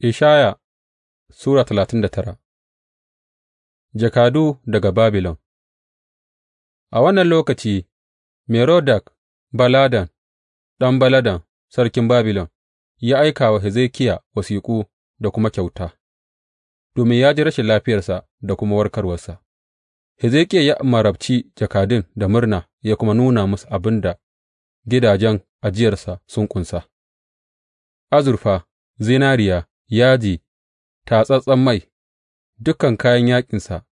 Ishaya Sura talatin da tara Jakadu daga Babilon A wannan lokaci, Merodak Baladan, ɗan Baladan, sarkin Babilon, ya aika wa Hezekiya wasiƙu da kuma kyauta, domin ya ji rashin lafiyarsa da kuma warkarwarsa. Hezekiya ya marabci jakadun da murna ya kuma nuna musu abin da gidajen ajiyarsa sun ƙunsa, azurfa, zinariya. yaji, tatsatsen mai, dukan kayan yaƙinsa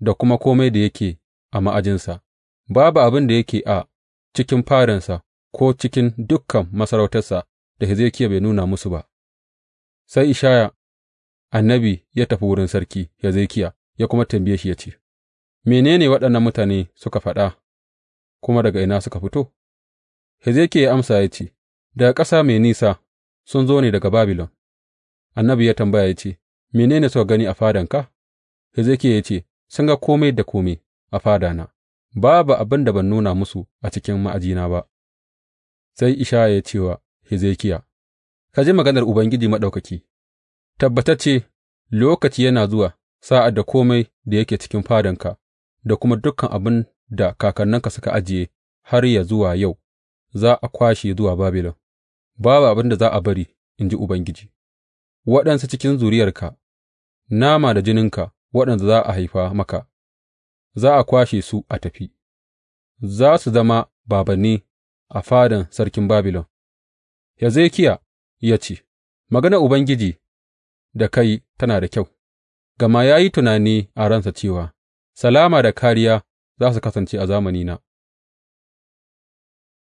da kuma kome da yake a ma'ajinsa, babu abin da yake a cikin fadansa ko cikin dukan masarautarsa da Hezekiya bai nuna musu ba. Sai Ishaya annabi ya tafi wurin sarki Hezekiya ya kuma tambaye shi ya ce, Mene ne waɗannan mutane suka faɗa, kuma daga ina suka fito? Hezekiya ya amsa ya ce, Daga ƙasa mai nisa sun zo ne daga Babilon. Annabi ya tambaya ya ce, Mene ne suka gani a fadanka? Hezekiya ya ce, Sun ga kome da kome a fadana, babu abin da ban nuna musu a cikin ma'ajina ba. Sai Ishaya ya ce wa Hezekiya, Ka ji maganar Ubangiji Maɗaukaki, tabbatacce lokaci yana zuwa sa'ad da kome da yake cikin fadanka da kuma dukkan abin da kakanninka suka ajiye har ya zuwa yau za a kwashe zuwa Babilon, babu abin da za a bari, in ji Ubangiji. waɗansu cikin zuriyarka, nama da jininka waɗanda za a haifa maka, za a kwashe su a tafi, za su zama babanni a fadan sarkin Babilon. Hezekiya ya ce, Maganar Ubangiji da kai tana da kyau, gama ya yi tunani a ransa cewa, Salama da kariya za su kasance a zamanina.